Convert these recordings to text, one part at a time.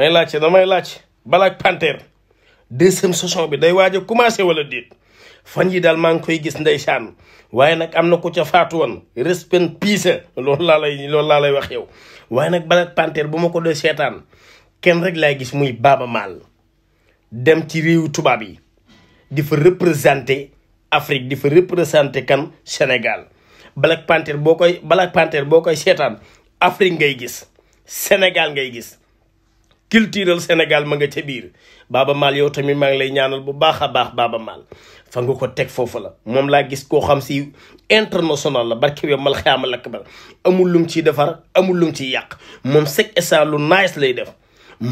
damay laajte damay laaj Black Panther deuxième saison bi day waaja a commencé wala déet fa yi daal maa ngi koy gis ndeysaan waaye nag am na ku ca faatu woon rest in peace loolu laa lay laa lay wax yow waaye nag Black Panther bu ma ko dee seetaan kenn rek laay gis muy Baaba Maal dem ci réewu tubaab yi di fa représenter Afrique di fa représenter kan Sénégal Black Panther boo koy Black Panther boo koy seetaan Afrique ngay gis Sénégal ngay gis culturel Sénégal ma nga ca biir Baaba Maal yow tamit maa ngi lay ñaanal bu baax a baax Baaba Maal fa nga ko teg foofu la moom laa gis koo xam si international la barke bi mal xaamal ak bar amul lum ciy defar amul lum ciy yàq moom sec esa lu nice lay def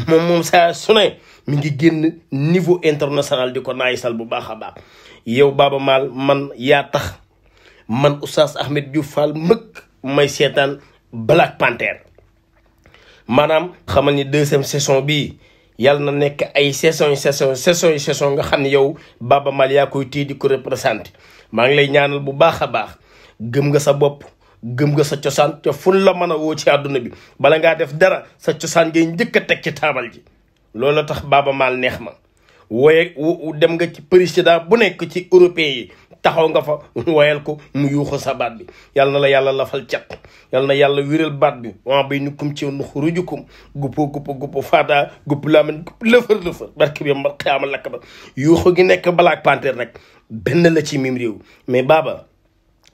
moom moom sa su ne mi ngi génn niveau international di ko naayisal bu baax a baax yow Baaba Maal man yaa tax man Oustaz Ahmed Diouf Fall mëkk may seetaan Black Panther maanaam xamal ni deuxième saison bii yàlla na nekk ay saison saison saison saison nga xam ne yow Baba Maal yaa koy téye di ko représenté maa ngi lay ñaanal bu baax a baax gëm nga sa bopp gëm nga sa cosaan te fun la mën a woo ci àdduna bi bala ngaa def dara sa cosaan ngay njëkk a teg ci taabal ji loolu tax Baba neex ma wooye dem nga ci président bu nekk ci européen yi taxaw nga fa woyal ko mu yuuxu sa baat bi yàlla na la yàlla lafal cat yàlla na yàlla wiiral baat bi wa bay nukum ci nu xurujukum guppo guppo guppo faata gupp laamen gupp lëfër lëfër barke bi mbar xaama lakk ba yuuxu gi nekk Black Panther nag benn la ci mim réew mais baaba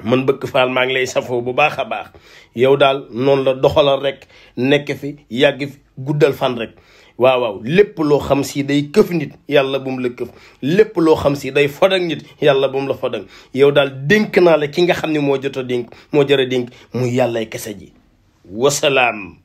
man bëkk faal maa ngi lay safoo bu baax a baax yow daal noonu la doxalal rek nekk fi yàgg guddal fan rek waaw waaw lépp loo xam si day këf nit yàlla bu mu la këf lépp loo xam si day fodang nit yàlla bu mu la fodang yow daal dénk naa la ki nga xam ne moo jot a dénk moo jar a dénk muy yàllay kese ji wasalaam